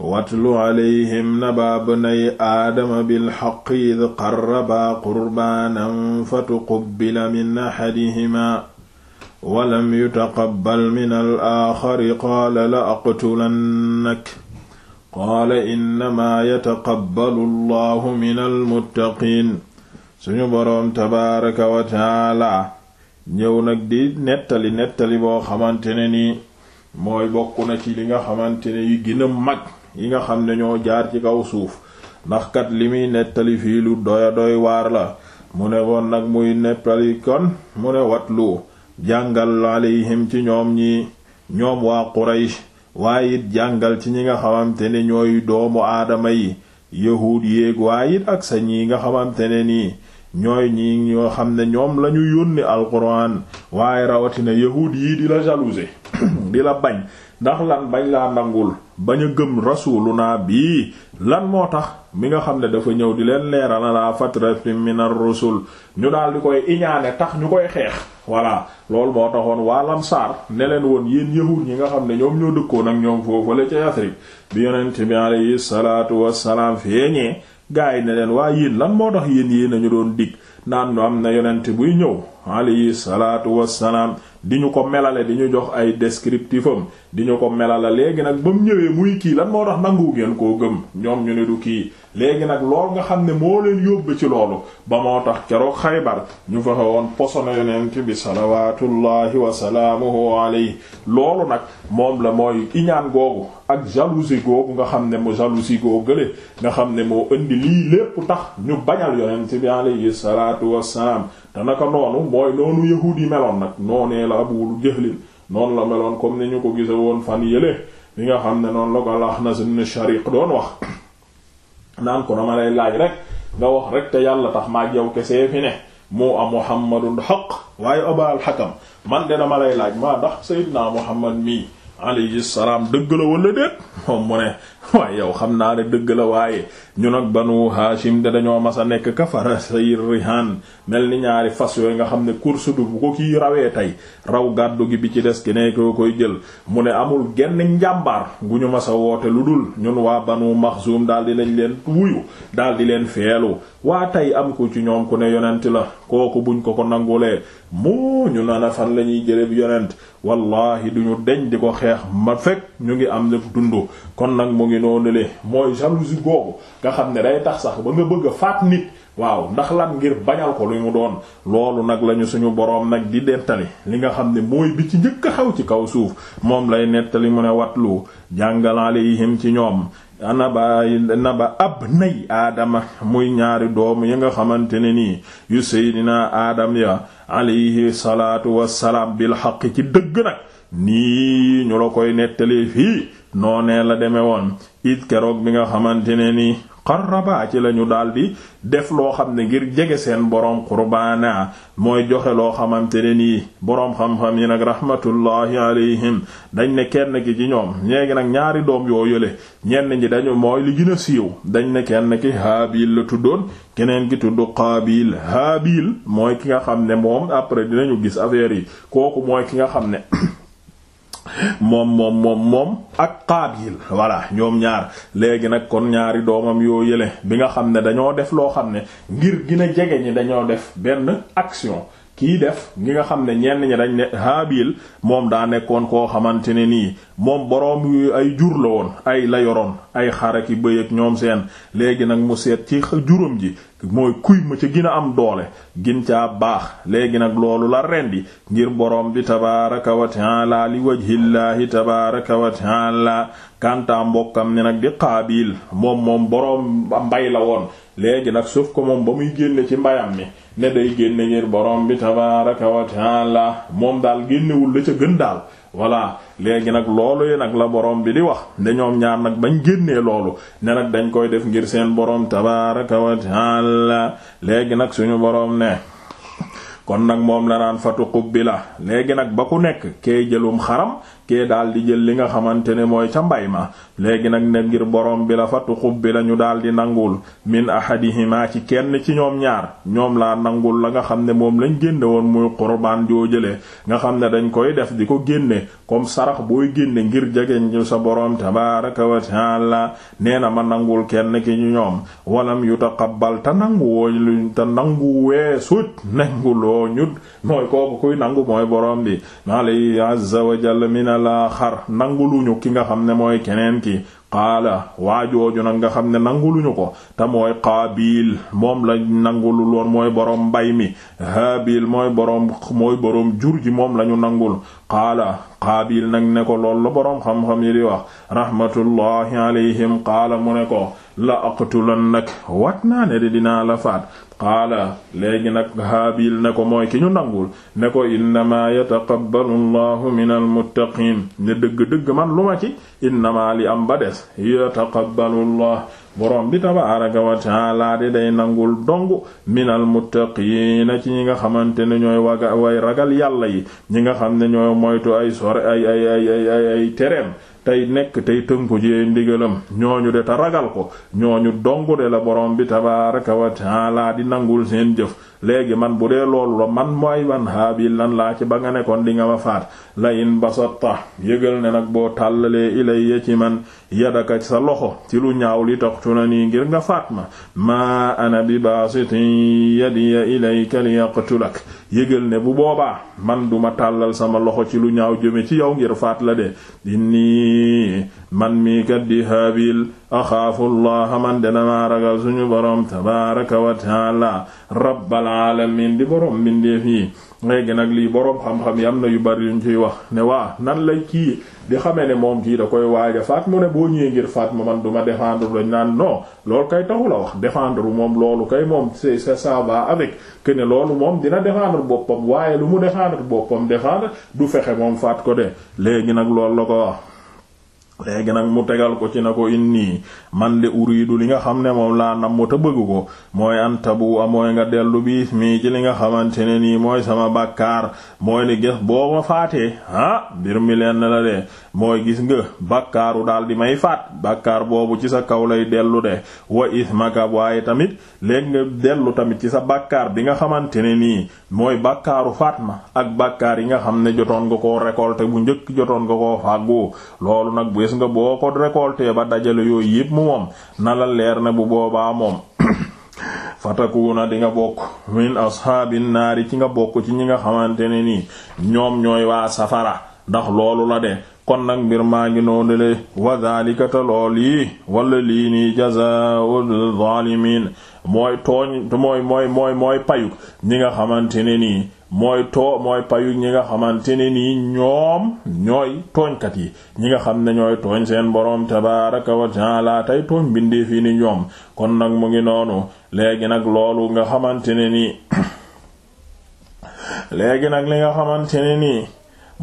watlu alayhim naba bnay aadama bilxaq id qarrabaa qurbaanan fatuqubbila min axadihima walam yutaqabbal min alaaxari qaala la aqtulannak qaala innamaa yataqabbalu allahu min almuttaqiin suñu boroom tabaaraka wa taala ñëw nag di nettali nettali boo xamante ne nii mooy bokk na ci li nga xamante ne yu gën a mag yi nga xam ne ñoo jaar ci kaw suuf ndax kat li muy nettali fii lu doya doy waar la mu ne woon nag muy nettali kon mu ne watlu jàngal alayhim ci ñoom ñi ñoom waa Quraysh waaye it jàngal ci ñi nga xamante ne ñooy doomu aadama yi yahuud yéeg ak sa ñi nga xamante ne nii ñooy ñi ñoo xam ne ñoom lañu yónni alquran waaye rawatina yahuud yi di la jalouser di la bañ ndax lan bañ laa nangul bañ a gëm rasuluna bii lan moo tax mi nga xam ne dafa ñëw di leen leeral ala fatratin min ar-rusul ñu daal di koy iñaane tax ñu koy xeex voilà loolu moo taxoon waa Lamsaar ne leen woon yéen yahuud ñi nga xam ne ñoom ñoo dëkkoon ak ñoom foofale ca Yasrib bi yonent bi alayhi salaatu wassalaam feeñee gaay ne leen waa yéen lan moo tax yéen yéen nañu doon dig naan am na yonent buy ñëw alayhi salaatu wassalaam di ñu ko melale di ñu jox ay descriptif am di ñu ko melala léegi nag ba mu ñëwee muy kii lan moo tax nangu ngeen koo gëm ñoom ñu ne du kii léegi nag lool nga xam ne moo leen yóbbu ci loolu ba moo tax keroog Xaybar ñu fexe woon posone yonent bi salawaatullaahi wa salaamuhu alayhi loolu nag moom la mooy iñaan googu ak jalousie googu nga xam ne mu jalousie goo gële nga xam ne moo indi lii lépp tax ñu bañal yonent bi alayhi salaatu wassalaam te naka noonu mooy noonu yahuud yi meloon nag noonee la Abu Jahl noonu la meloon comme ni ñu ko gise woon fan yële li nga xam ne noonu la ko Al-Ahnas ibn Shariq doon wax naan ko dama lay laaj rek nga wax rek te yàlla tax maa yow kese fi ne moo am Muhammadun haqq waaye Aba al man de dama lay laaj maa ndax Seydina Muhammad mii alayhi salaam dëgg la wala déet moom mu ne waaye yow xam naa ne dëgg la waaye ñun ak banu Hashim de dañoo mas a nekk kafara sayir rihan mel ni ñaari fas yooyu nga xam ne course du bu ko kii rawee tey raw gàddu gi bi ci des ki ne koy jël mu ne amul genn njàmbaar gu ñu mas a woote lu dul ñun waa banu Maxzum daal di lañ leen wuyu daal di leen feelu waa tey am ko ci ñoom ku ne yonent la kooku buñ ko ko nangulee moo ñu naan fan la ñuy jëlee yonent wallahi duñu deñ di ko xeex ma fekk ñu ngi am def dund ngi ngi noonu le mooy jalousie googu nga xam ne day tax sax ba nga bëgg a faat nit waaw ndax lan ngir bañal ko lu mu doon loolu nag lañu suñu boroom nag di dettali li nga xam ne mooy bi ci njëkk a xew ci kaw suuf moom lay nettali mu ne watlu jàngal alayhim ci ñoom anaba ba ab nay aadama muy ñaari doomu yi nga xamante ne nii yu seydinaa aadam ya alayhi salaatu wassalaam bil xaq ci dëgg nag nii ñu la koy nettalee fii noonee la demee woon it keroog bi nga xamante ne nii xarraba ci lañu daldi def loo xam ne ngir jege seen boroom qurbaana mooy joxe loo xamante ne nii boroom xam-xam yi nag rahmatullahi alayhim dañ ne kenn ki ci ñoom ñeegi nag ñaari doom yoo yële ñenn ñi dañu mooy li gën a siiw dañ ne kenn ki haabil la tuddoon keneen ki tudd qaabil haabil mooy ki nga xam ne moom après dinañu gis affaire yi kooku mooy ki nga xam ne moom moom moom moom ak Qaabil voilà ñoom ñaar léegi nag kon ñaari doomam yoo yële bi nga xam ne dañoo def loo xam ne ngir gën a jege ñi dañoo def benn action kii def ngi nga xam ne ñenn ñi dañ ne Haabil moom daa nekkoon koo xamante ne nii moom boroom yu ay jur la woon ay la yoroon ay xaraki bëy ak ñoom seen léegi nag mu seet ci juróom ji mooy kuy ma ca gën a am doole gin ca baax léegi nag loolu la rendi ngir boroom bi tabaraka wa taala li wajhillaahi tabaraka wa taala kàntaa mbokkam ni nag di xaabil moom moom boroom mbay la woon léegi nag suuf ko moom ba muy génne ci mbayam mi ne day génne ngir boroom bi tabaraka wa taala moom daal génnewul la ca gën daal voilà léegi nag loolu yi nag la borom bi di wax ne ñoom ñaar nag bañ génnee loolu ne nag dañ koy def ngir seen borom tabaaraka wa taala léegi nag suñu boroom ne. kon nag moom la naan fatu qub bi la léegi nag ba ku nekk kee jëlum xaram kee daal di jël li nga xamante ne mooy ca mbay ma léegi nag ne ngir boroom bi la fa tuxub bi la ñu daal di nangul min ahadihima ci kenn ci ñoom ñaar ñoom laa nangul la nga xam ne moom lañ génne woon muy qurbaan joo jëlee nga xam ne dañ koy def di ko génne comme sarax booy génne ngir jegeñ sa borom tabaaraka wa taala nee na ma nangul kenn ki ñu ñoom walam yutaqabbal balta nangu woo luñ te nangu wee suut nangu loo ñut mooy kooku kuy nangu mooy borom bi alayhi alaaxar nanguluñu ki nga xam ne mooy keneen ki qaala waajooju nag nga xam ne nanguluñu ko te mooy qaabil moom la nangulu loon mooy boroom mbay mi haabil mooy boroom mooy boroom jur ji moom lañu nangul qaala qaabil nag ne ko lool la boroom xam-xam yi di wax rahmatullahi alayhim qaala mu ne ko la aqtulannak wat naa ne de dinaa la faat qaala léegi nag haabil ne ko mooy ki ñu nangul ne ko innamaa yataqabbalu allahu min almuttaqiin ne dëgg-dëgg man lu ma ci innamaa li am ba des yataqabbalu allah borom bi tabaaraka wa taala de day nangul dong min almuttaqiina ci ñi nga xamante ne ñooy waga way ragal yàlla yi ñi nga xam ne ñooy moytu ay sore ay ay ay ay ay tereem tey nekk tey tënku ci ay ndigalam ñooñu de ta ragal ko ñooñu dongu de la borom bi tabaaraka wa taala di nangul seen jëf léegi man bu dee loolu la man mooy wan haabil lan laa ci ba nga nekkoon di nga ma faat la in basatta yëgal ne nag boo tàllalee ilayya ci man yadaka sa loxo ci lu ñaaw li tax na nii ngir nga faat ma maa ana bi baasitin yadiya ilayka liyaqtulak yëgal ne bu boobaa man duma tàllal sama loxo ci lu ñaaw jëme ci yow ngir faat la de nii man mii kat di haabil axaafu llaha man de damaa ragal suñu boroom tabaraka wa taala rabbal alamin di boroom mbindeef yi léegi nag lii boroom xam-xam yi am na yu bari yuñ ciy wax ne waa nan lay kii di xamee ne moom kii da koy waaja faat mu ne boo ñëwee ngir faat ma man du ma défendre dañ naan non loolu kay taxu la wax défendre moom loolu kay moom c'est ça va avec que loolu moom dina défendre boppam waaye lu mu défendre boppam défendre du fexe moom faat ko de léegi la ko léegi nag mu tegal ko ci na ko nii man de uriidu li nga xam ne moom laa nam te ta bëgg ko mooy an tabu a nga dellu bi mii ci li nga xamante ne nii mooy sama bàkkaar mooy ne gis boo faatee ah mbir mi leen la de gis nga bàkkaaru daal di may faat bàkkaar boobu ci sa kaw lay dellu de wa ismaka waaye tamit léegi nga dellu tamit ci sa bàkkaar bi nga xamante ne nii mooy bàkkaaru faat ma ak bàkkaar yi nga xam ne jotoon nga ko récolter bu njëkk jotoon nga ko fàggu loolu nag gis nga boo ko récolté ba dajale yooyu yépp mu moom na la leer na bu boobaa moom na di nga bokk min ashaabin naari ci nga bokk ci ñi nga xamante ne nii ñoom ñooy waa safara ndax loolu la de kon nag mbir maa ngi noonu le wa dhalika ta lool yi wala lii nii jazaa'ul zalimin mooy tooñ mooy mooy mooy mooy ñi nga xamante nii mooy too mooy payu ñi nga xamante ne nii ñoom ñooy tooñkat yi ñi nga xam ne ñooy tooñ seen boroom tabaaraka wa ta'ala tey tooñ bindee fii ni ñoom kon nag mu ngi noonu léegi nag loolu nga xamante ne nii léegi nag li nga xamante ne nii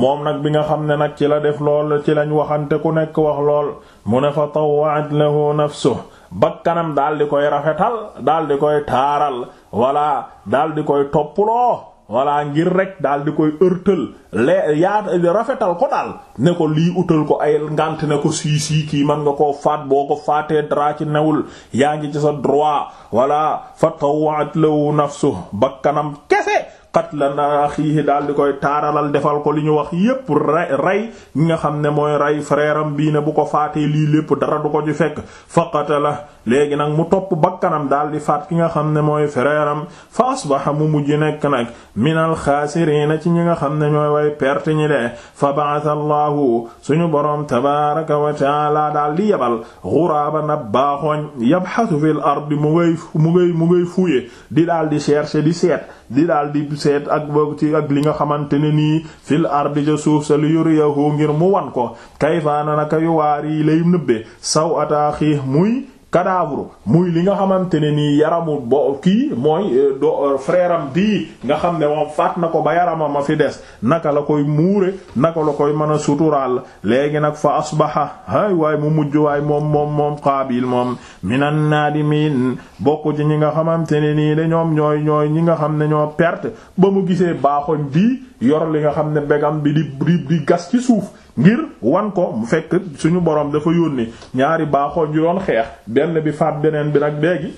moom nag bi nga xam ne nag ci la def lool ci lañ waxante ku nekk wax lool mu ne fa tawwa'at lahu nafsuhu bakkanam daal di koy rafetal daal di koy taaral walla daal di koy toppuloo voilà ngir rek daal di koy ërtal lee yaa rafetal ko daal ne ko lii utal ko ay ngant ne ko sii kii man nga koo faat boo ko faatee dara ci newul yaa ngi ci sa droit voilà fa tawwaat lahu nafsu bakkanam kese qatla na axiihi daal di koy taaralal defal ko li ñu wax yépp rey rey ñi nga xam ne mooy rey frère bii ne bu ko faatee lii lépp dara du ko ci fekk fa qatala léegi nag mu topp bakkanam daal di faat ki nga xam ne mooy frère am fa asbaha mu mujj nekk nag minal xaasiriina ci ñi nga xam ne ñooy way perte ñi de fa ba'atha allahu suñu boroom tabaaraka wa ta'aala daal di yebal ghuraaban ab baaxooñ yabhasu fil ardi mu ngay mu ngay mu ngay fuye di daal di chercher di seet di daal di seet ak ci ak li nga xamante ne nii fil ardi ca suuf sa lu yuriyahu ngir mu wan ko kayfa naka yu waar yi lay nëbbee saw ataaxi muy cadavre muy li nga xamante ne nii yaramu bo kii mooy euh, do euh, frère bii nga xam ne moom faat na ko ba yaramam ma fi des naka la koy muure naka la koy mën a suturaal léegi nag fa asbaha hay waay mu mujj waay moom moom moom qaabil moom minan naadimin bokk ci ñi nga xamante ne nii de ñoom ñooy ñooy ñi nga xam ne ñoo perte ba mu gisee baaxoñ bii yor li nga xam ne begam bi di di di gas ci suuf ngir wan ko mu fekk suñu borom dafa yónni ñaari baaxoo ñu doon xeex benn bi faat beneen bi nag léegi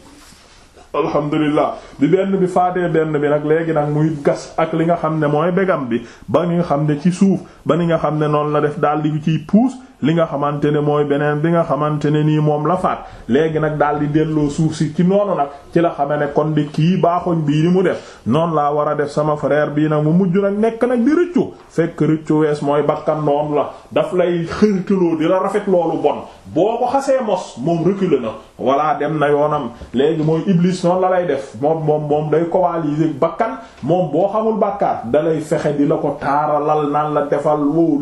alhamdulilah bi benn bi faatee benn bi nag léegi nag muy gas ak li nga xam ne mooy begam bi ba nga xam ne ci suuf ba ni nga xam ne noonu la def daal di ciy puus li nga xamante ne mooy beneen bi nga xamante ne nii moom la faat léegi nag daal di delloo suuf si ci noonu nag ci la xame ne kon di kii baaxuñ bii ni mu def noonu laa war a def sama frère bii nag mu mujj nag nekk nag di rëccu fekk rëccu wees mooy bakkan noonu la daf lay xërtaloo di la rafet loolu bon boo ko xasee mos moom reculer na walaa dem na yoonam léegi mooy iblis noonu la lay def moom moom moom day coaliser bakkan moom boo xamul bàkkaar dalay fexe di la ko taaralal naan la defal wow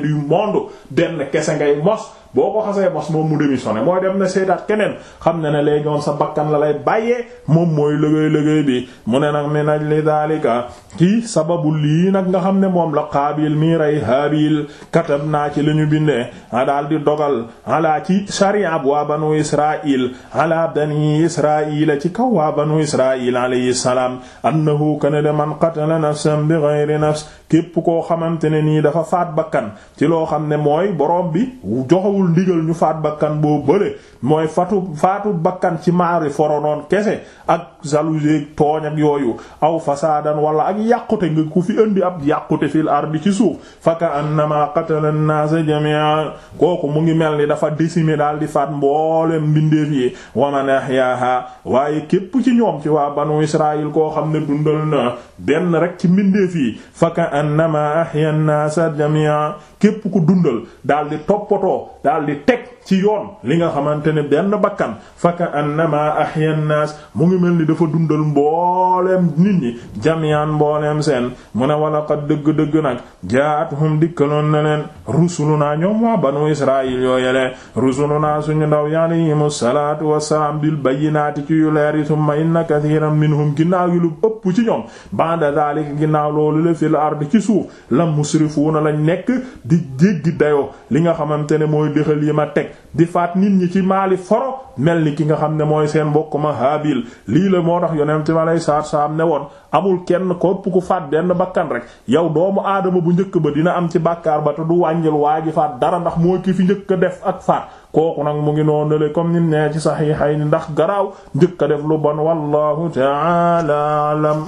du monde benn kese ngay mos boo ko xasee mos moom mu démissionné mooy dem na seetaat keneen xam ne na léegi moom sa bakkan la lay bàyyee moom mooy liggéey liggéey bi mu ne nag mi naj li daalika kii sababu lii nag nga xam ne moom la xaabil mii rey haabil katab naa ci li ñu bindee a daal di dogal ala ci sharia waa banu israil ala bani israila ci kaw waa banu israil alayhi salaam annahu kana de man qatala nafsan bi na nafs képp koo xamante ne nii dafa faat bakkan ci loo xam ne mooy borom bi joxewul ndigal ñu faat bakkan boo bële mooy fatu faatu bakkan ci maari foronoon kese ak jalousie tooñ ak yooyu aw fasaadan wala ak yàqute nga ku fi indi ab yàqute fil ardi ci suuf faka annama qatala an-naasa jami'a kooku mu ngi mel ni dafa décimer daal di faat mboolem mbindeef yi wa man waaye képp ci ñoom ci waa banu israil koo xam ne dundal na benn rek ci mbindeef yi faka annama ahya an-naasa jami'a képp ku dundal daal di toppatoo daal di teg ci yoon li nga xamante ne benn bakkan faka annama ahya an-nas mu ngi mel ni dafa dundal mbooleem nit ñi jamian mbooleem seen mu ne walaqad dëgg-dëgg nag jaatuhum dikkaloon na leen rusuluna ñoom waa banu israil yooyelee rusuluna suñu ndaw yalayhimu salaatu wassalaam bil bayyinaati ci yu leer yi summa inna kathiran minhum ginnaaw yi lu ëpp ci ñoom ba'da zalika ginnaaw loolu la fil ard ci suuf la musrifuuna lañ nekk di jéggi dayoo li nga xamante ne mooy déxal yi di faat nit ñi ci maali foro mel ni ki nga xam ne mooy seen mbokk ma haabil lii la moo tax yonente ma lay saar saam ne woon amul kenn kopp ku faat benn bakkan rek yow doomu aadama bu njëkk ba dina am ci bàkkaar ba te du wàññil waa ji faat dara ndax mooy ki fi njëkk a def ak faat kooku nag mu ngi noonu le comme nim nee ci saxiixay ni ndax garaaw njëkk a def lu bon wallahu ta'ala alam